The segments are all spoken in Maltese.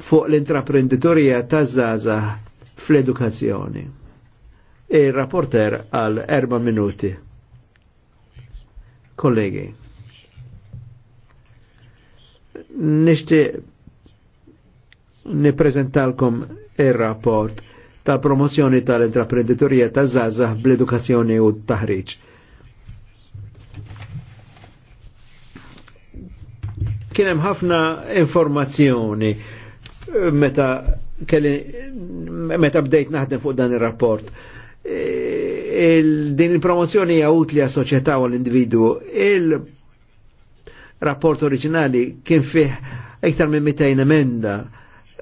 fuq l-intraprenditorija ta' żaza fl-edukazzjoni. Il-rapporter e għal erba minuti. Kollegi, nishti niprezentalkom il-rapport tal-promozjoni tal-intraprenditorija ta' żaza bl-edukazzjoni u t-taħriġ. kienem ħafna informazzjoni meta kelli meta bdejt naħdem fuq dan ir-rapport. E, il, din il-promozzjoni hija utli għas soċjetà u l individwu Il-rapport oriġinali kien fih iktar minn 200 emenda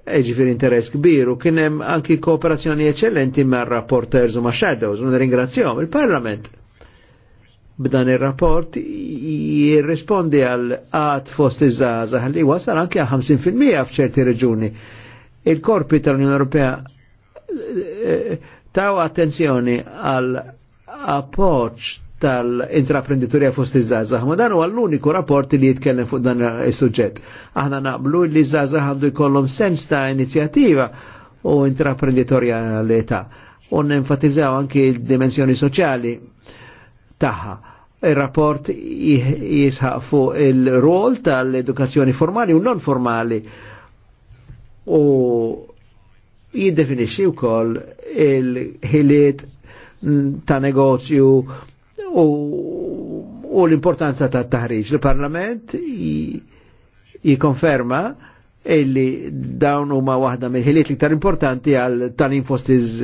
e, ġifir interess kbir u kien hemm anki kooperazzjoni eċċellenti ma' rapporters u ma' shadows, u nirringrazzjahom il-Parlament b'dan ir-rapport jirrispondi għal għad fost iż żaza li wasal anke għal 50% f'ċerti reġuni. Il-korpi tal-Unjoni Ewropea eh, eh, taw attenzjoni għal appoġġ tal-intraprenditorja fost iż żaza Ma dan huwa l-uniku rapport li jitkellem fuq dan is-suġġett. Aħna naqblu li iż-żaza għandu jkollhom sens ta' inizjattiva u intraprenditorjalità. U nenfatizzaw anki il-dimensjoni soċjali taha il-rapport jisħaq fuq il-rol tal-edukazzjoni formali u non formali u jiddefinixi u wkoll il-ħiliet ta' negozju u, u l-importanza ta' taħriġ. Il-Parlament jikonferma illi dawn huma waħda mill-ħiliet l-iktar importanti għal tal infostiz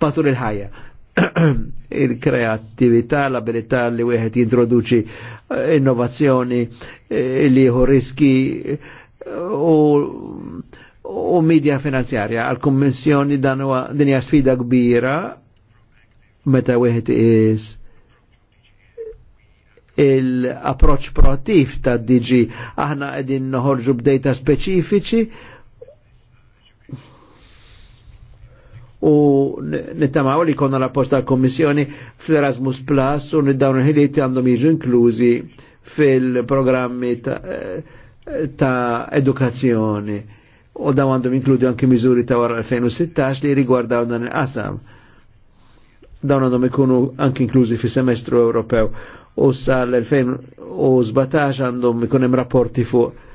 patur il-ħajja il-kreativita, l-abilità li wieħed jintroduċi eh, innovazzjoni eh, li jieħu riski eh, u u media finanzjarja għal-kommissjoni dan huwa dinja sfida kbira meta wieħed is il-approċ proattiv ta' DG aħna qegħdin noħorġu b'dejta speċifiċi u nittamaw li konna rapport tal-Kommissjoni fl-Erasmus Plus u niddawn il-ħiliet għandhom jiġu inklużi fil-programmi ta', eh, edukazzjoni u daw għandhom inkludi anki miżuri ta' wara 2016 li rigwardaw dan il-qasam. Dawn għandhom ikunu anki inklużi fi semestru Ewropew u sal-2017 għandhom ikun hemm rapporti fuq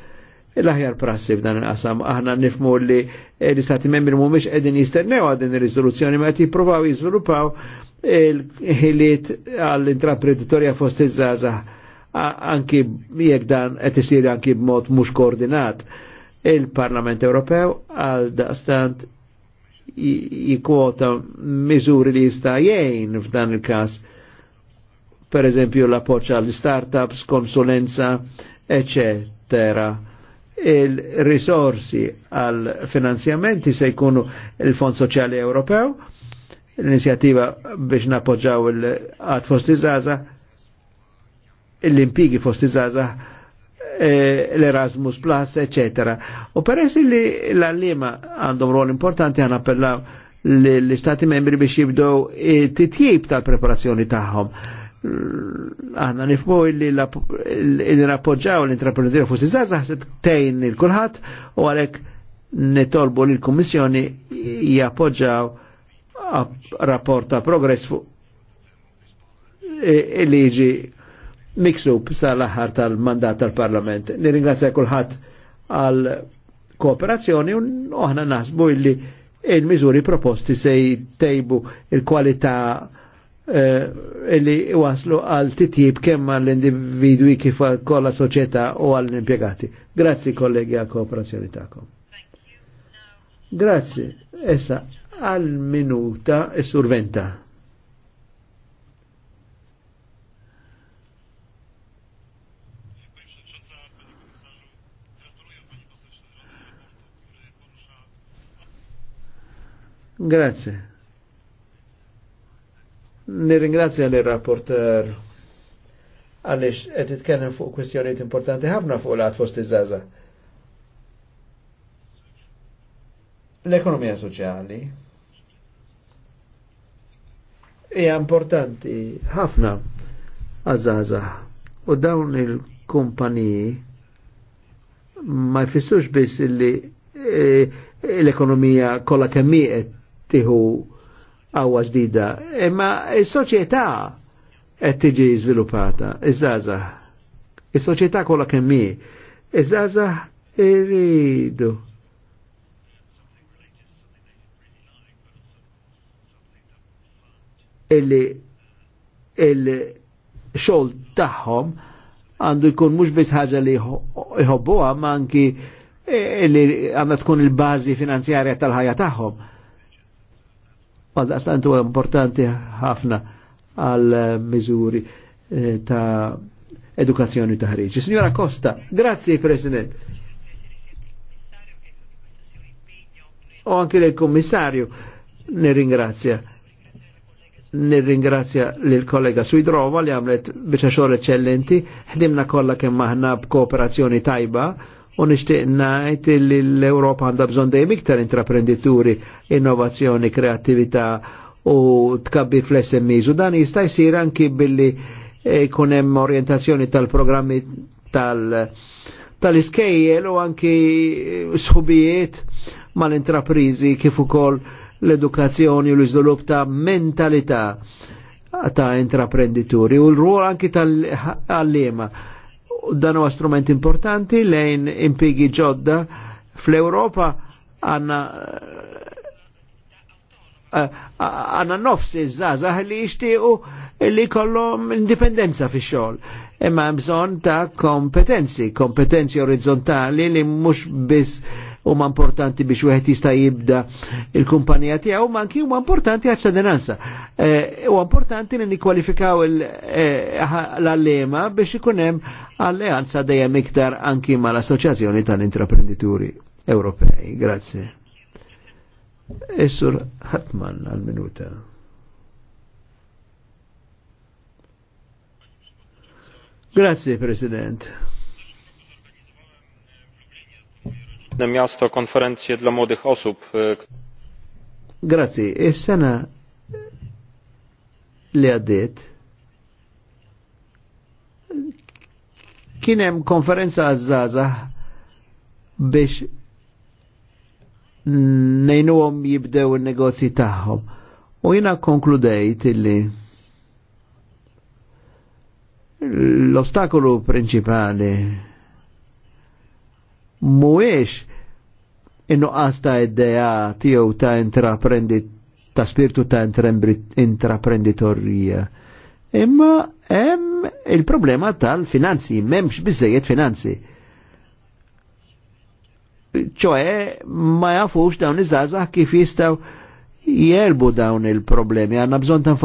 l-aħjar prassi f'dan il-qasam. Aħna nifmu li l-istati membri mumiex edin jistennew għadin il-rizoluzzjoni ma jt jiprovaw jizvilupaw il-ħiliet għall-intraprenditorja fost iż-żaza anki jekk dan qed isir anki b'mod mhux koordinat. Il-Parlament Ewropew għal daqstant jikwota miżuri li jista' jgħin f'dan il-każ. Per eżempju l-appoċċ għall startups konsulenza, eccetera il-risorsi għal finanzjamenti se jkunu il-Fond Soċjali Ewropew, l-inizjattiva biex napoġġaw il-għad fost Zaza, l-impigi fost Zaza, e, l-Erasmus Plus, eccetera. U peress li l-allima għandhom rol importanti għan appellaw l istati membri biex jibdow titjib tal-preparazzjoni tagħhom aħna nifmu illi l-appoġġaw l-intraprenditori fuq iż-żgħażagħ se tgħin il-kulħadd u għalhekk netolbu li l-Kummissjoni jappoġġaw rapport ta' progress fuq illi jiġi miksub sal-aħħar tal-mandat tal-Parlament. Nirringrazzja kulħadd għal kooperazzjoni u aħna naħsbu illi il-miżuri proposti se jtejbu il-kwalità il kwalità Eh, illi waslu għal titjib kemm għall individwi kif kolla soċjetà u għall impjegati. Grazzi kollegi għal kooperazzjoni tagħkom. Grazzi. Essa għal minuta surventa Grazie. Nirringrazzja l rapporter għalix qed titkellem fuq kwestjoniet importanti ħafna fuq l-għad fost iż-żaza. L-ekonomija soċjali hija importanti ħafna għażaża u dawn il-kumpaniji ma jfissux biss li eh, l-ekonomija kemmi kemm tiħu għawa ġdida, imma il-soċieta għed tiġi żviluppata, iż-żgħażagħ. Il-soċieta kolla kemmi, iż-żgħażagħ irridu. Illi il xol taħħom għandu jkun mux biss ħagġa li jħobbuha ma anki eh, li għandha tkun il bazi finanzjarja tal-ħajja taħħom għal daqstant huwa importanti ħafna għal mizuri eh, ta' edukazzjoni ta' ħriġ. Signora Costa, grazie President. O anche il commissario ne ringrazia. Ne ringrazja l-kollega Suidrova li għamlet biċaċor eccellenti, ħdimna kolla kemm aħna b'kooperazzjoni tajba u nixtieq ngħid li l europa għandha bżonn dejjem iktar intraprendituri, innovazzjoni, kreattività u tkabbi fl-SMEs. U dan jista' jsir anki billi e, jkun hemm orientazzjoni tal- tal-iskejjel u anki e, sħubijiet mal-intraprizi kif ukoll l-edukazzjoni u l-iżvilupp ta' mentalità ta' intraprenditori u l-ruol anki tal-għallima dan huwa strument importanti lejn impigi ġodda fl-Europa għanna eh, eh, għanna nofs zazah li jishtiqu li kollom indipendenza fi xogħol. Imma bżon ta' kompetenzi, kompetenzi orizzontali li mhux biss huma importanti biex wieħed jista' jibda il-kumpanija tiegħu, ma anki huma importanti għax ċadinanza. Eh, huwa importanti li nikkwalifikaw eh, l-allema biex ikun hemm alleanza dejjem iktar anki mal-Assoċjazzjoni tal-Intraprendituri Ewropej. Grazzi. Essur Hatman għal-minuta. Grazie President. miasto konferencje dla młodych osób. E, Grazie. E sena li għaddiet kien hemm konferenza għazzaza biex nejnuhom jibdew il-negozji tagħhom. U jina konkludejt illi l-ostakolu principali muwiex innuqqas ta' id-deja tiegħu ta' intraprendit ta' spiritu ta' intraprenditorija. Imma hemm il-problema tal-finanzi, m'hemmx biżejjed finanzi. ċoe ma jafux dawn iż-żgħażagħ kif jistgħu jelbu dawn il-problemi, għanna bżon ta'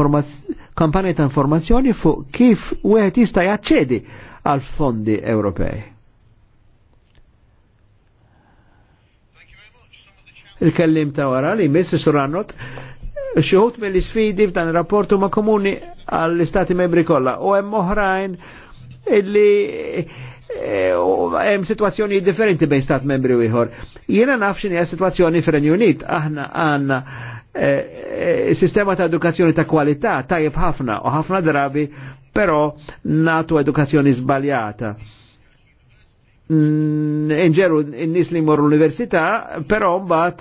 kampanja ta' informazzjoni fuq kif wieħed jista' jaċċedi għal fondi Ewropej. il-kellim ta' wara li miss surannot xuħut mill-sfidi f'dan rapportu ma' komuni għall-istati membri kollha u hemm oħrajn illi eh, hemm situazzjoni differenti bejn stat membri u ieħor. Jiena naf x'inhi situazzjoni fir-Renju Unit, aħna għandna eh, eh, sistema ta' edukazzjoni ta' kwalità tajjeb ħafna u ħafna drabi però natu edukazzjoni żbaljata. Mm, nġeru n-nis li morru l-università, però mbagħad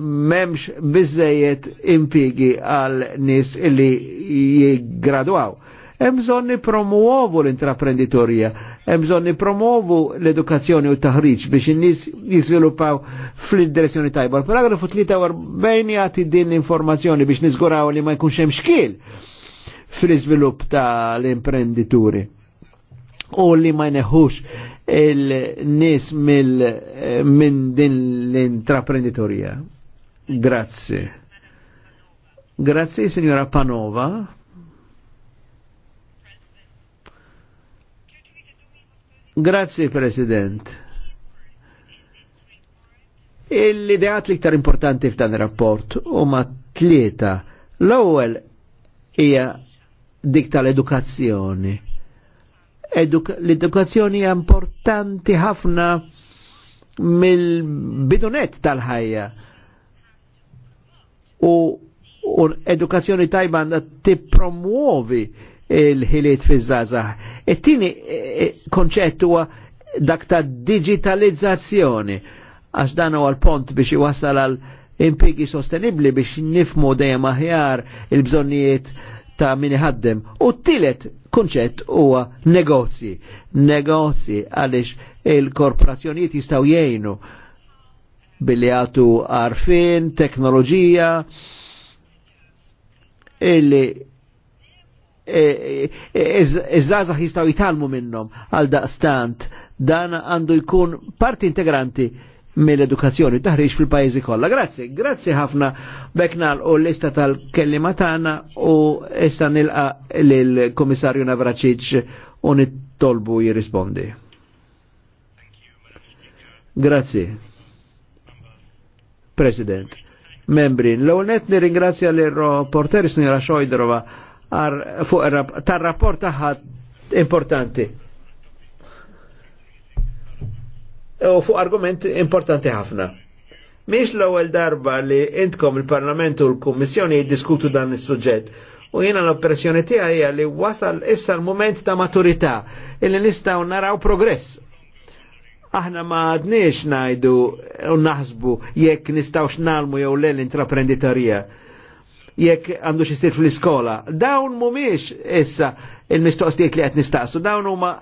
memx bizzejiet impigi għal nis li jigradwaw. Emżon promuovu l-intraprenditorija, emżon promuovu l-edukazzjoni u taħriġ biex n-nis jizvilupaw fl-direzzjoni tajba. Paragrafu 43 jgħati din informazzjoni biex nizguraw li ma jkunx hemm xkiel fl-iżvilupp tal-imprendituri u li ma jneħux il-nis minn din l-intraprenditorija. Grazzi. Grazzi, signora Panova. Grazzi, President. L-ideat li ktar importanti f'dan il-rapport u huma tlieta. l ewel hija dik tal-edukazzjoni L-edukazzjoni importanti ħafna mill-bidunet tal-ħajja. U, u edukazzjoni tajba għandha tippromuovi il-ħiliet fi żgħażagħ. It-tieni e e, e, konċett huwa dak ta' digitalizzazzjoni għax dan huwa l-pont biex iwassal għal impigi sostenibli biex nifmu dejjem aħjar il-bżonnijiet ta' min ħaddem. U t-tielet kunċett huwa negozji. Negozji għaliex il-korporazzjonijiet jistgħu jgħinu billi għatu arfin, teknoloġija, illi e, e, e, iż-żazax jistaw jitalmu minnom għal daqstant dan għandu jkun parti integranti mill-edukazzjoni taħriġ fil-pajjiżi kollha. Grazzi, grazzi ħafna beknal u l-lista tal-kellima tagħna u issa nilqa lill kummissarju Navracic u nittolbu jirrispondi. Grazzi. President. Membri, l-ewwel nirringrazzja l-rapporter Sinjora Xojdrova tar-rapport tagħha importanti. u fuq argument importanti ħafna. Miex l-ewwel darba li intkom il-Parlament u l-Kummissjoni jiddiskutu dan is-suġġett u jiena l-oppressjoni tiegħi hija li wasal issa l-mument ta' maturità illi nistgħu naraw progress aħna ma għadniex najdu u naħsbu jekk nistgħux nalmu jew l-intraprenditorija jekk għandu xistir fl-iskola. Dawn mumiex issa il-mistoqsijiet li qed nistaqsu, dawn huma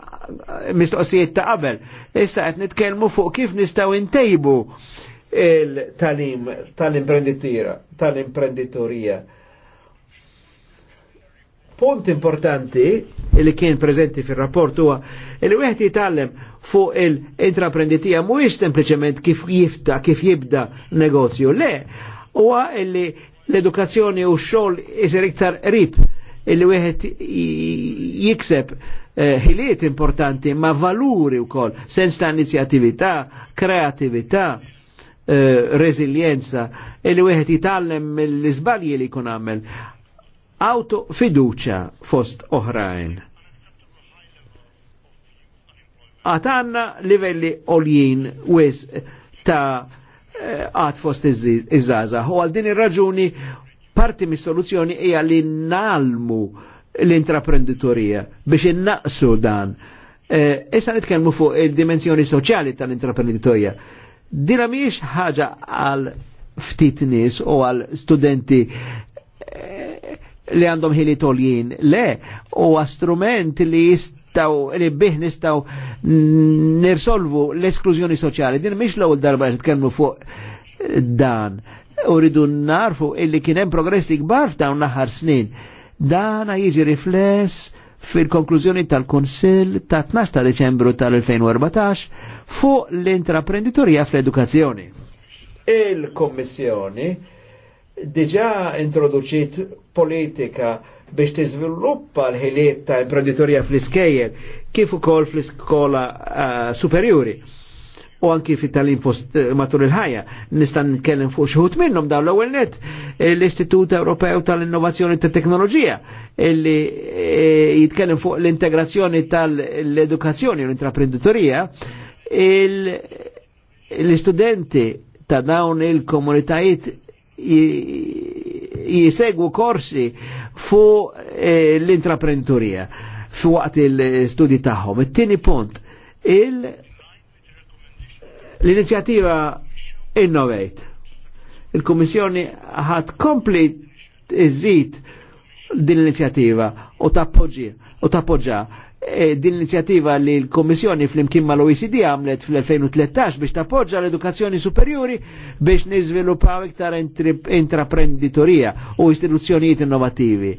mistoqsijiet ta' qabel. Issa qed nitkellmu fuq kif nistgħu intejbu il-talim tal imprenditira tal-imprenditorija. Punt importanti li kien preżenti fil-rapport huwa li wieħed jitgħallem fuq il-intraprenditija mhuwiex sempliċement kif jifta, kif jibda negozju. Le, huwa li l-edukazzjoni u xogħol isir iktar rib illi wieħed jikseb eh, ħiliet importanti ma valuri wkoll, sens ta' inizjattività, kreatività, eh, reżiljenza, illi wieħed jitgħallem mill-iżbalji li jkun għamel. Auto fiduċa fost oħrajn għatanna livelli oljien wis ta' għad fost iż-żaza. U għal din ir-raġuni parti mis-soluzzjoni hija li nalmu l-intraprenditorija biex innaqsu dan. E, issa nitkellmu fuq il-dimensjoni soċjali tal-intraprenditorija. Dina miex ħaġa għal ftit nies u għal studenti e, li għandhom ħili toljien. Le, u għastrument li jist nistaw, li bih nistaw nirsolvu l-esklużjoni soċjali. Din miex l-ewwel darba li tkellmu fuq dan. U ridu narfu illi kien hemm progressi kbar f'dawn naħar snin. Dana jiġi rifless fil-konklużjoni tal-Konsil ta' 12 ta' Deċembru tal-2014 fuq l-intraprenditorija fl-edukazzjoni. Il-Kommissjoni diġa introduċit politika biex tiżviluppa l-ħiliet ta' imprenditorja fl-iskejjel kif ukoll fl-iskola eh, superjuri u anki fit tal-in eh, matul il-ħajja. Nista' nitkellem fuq xħut minnhom dawn l-ewwel net eh, l-Istitut Ewropew tal-Innovazzjoni ta' Teknoloġija illi jitkellem fuq l-integrazzjoni tal-edukazzjoni u l-intraprenditorija l-istudenti ta' dawn il-komunitajiet jisegwu korsi fu eh, l-intraprenturija fu waqt il-studi tagħhom. Il-tini punt, l inizjativa Innovate. il komissjoni ħad kompli iżid din l inizjativa u tappoġi u tappoġa din l-inizjattiva li l-Komissjoni fl-imkien ma l-OECD għamlet fl-2013 biex tappoġġa l-edukazzjoni superiuri biex niżviluppaw iktar intraprenditorija u istituzzjonijiet innovativi.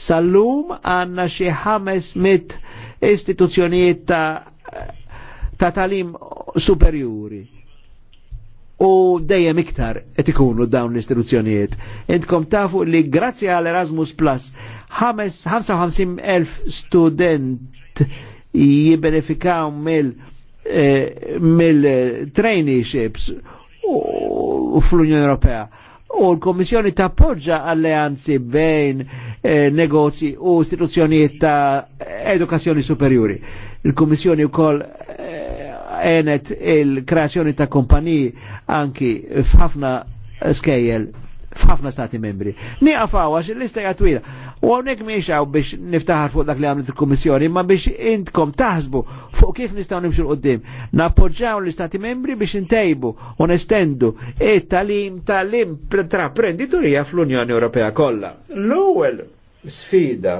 Sallum għanna xi ħames mit istituzzjonijiet ta' ta' talim superiori u dejjem iktar qed ikunu dawn l-istituzzjonijiet. Intkom tafu li grazzi għal Erasmus Plus 55,000 student jibbenefikaw mill eh, traineeships fl-Unjoni Ewropea. U l-Komissjoni tappoġġa alleanzi bejn eh, negozji u istituzzjonijiet ta' edukazzjoni superjuri. Il-Komissjoni wkoll għenet il-kreazzjoni ta' kompaniji anki f'ħafna skejjel f'ħafna stati membri. għafaw għax l lista jgħatwila. U għonek miexaw biex niftaħar fuq dak li għamlet il komissjoni ma biex intkom taħsbu fuq kif nistaw nimxu l-qoddim. Nappoġġaw l-istati membri biex intejbu u nestendu it-talim tal-imprenditorija fl-Unjoni Ewropea kollha. L-ewwel sfida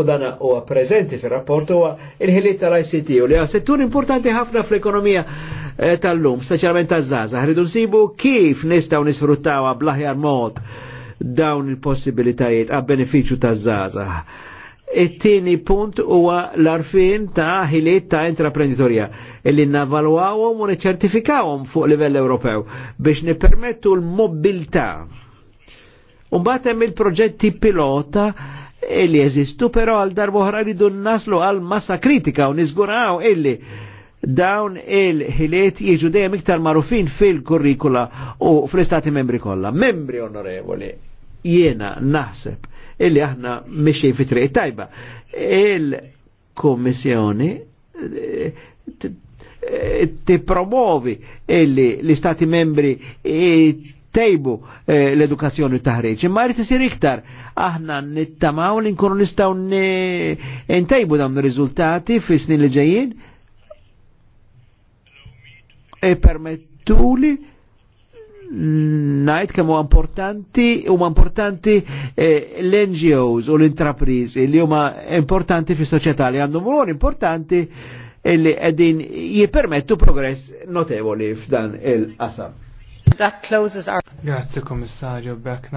u dana huwa prezenti fir-rapport huwa il-ħiliet tal-ICT u li għal settur importanti ħafna fl-ekonomija eh, tal-lum, speċjalment taż-żaża. Ħridu nsibu kif nistgħu nisfruttaw bl mod dawn il-possibilitajiet għab beneficju taż-żaża. It-tieni punt huwa l-arfin ta' ħiliet ta' intraprenditorja illi navalwawhom u niċċertifikawhom fuq livell Ewropew biex nippermettu l-mobilità. Umbagħad hemm il-proġetti pilota illi jeżistu, però għal darbohra rridu naslu għal massa kritika u nizguraw illi dawn il-ħiliet jieġu dejjem iktar marufin fil-kurrikula u fl-istati membri kollha. Membri onorevoli, jiena naħseb illi aħna mixi fi triq tajba. Il-Kommissjoni ti promuovi illi l-istati membri tejbu eh, l-edukazzjoni taħriġ. Imma jrid isir iktar. Aħna nittamaw li nkunu nistgħu ntejbu dawn ir-riżultati fis-snin li ġejjin. E permettuli najt kemm huwa importanti huma importanti eh, l-NGOs u l-intraprizi li huma importanti fis soċjetà li għandhom ruol importanti li qegħdin jippermettu progress notevoli f'dan il-qasam that closes our... Grazie, Commissario Beck.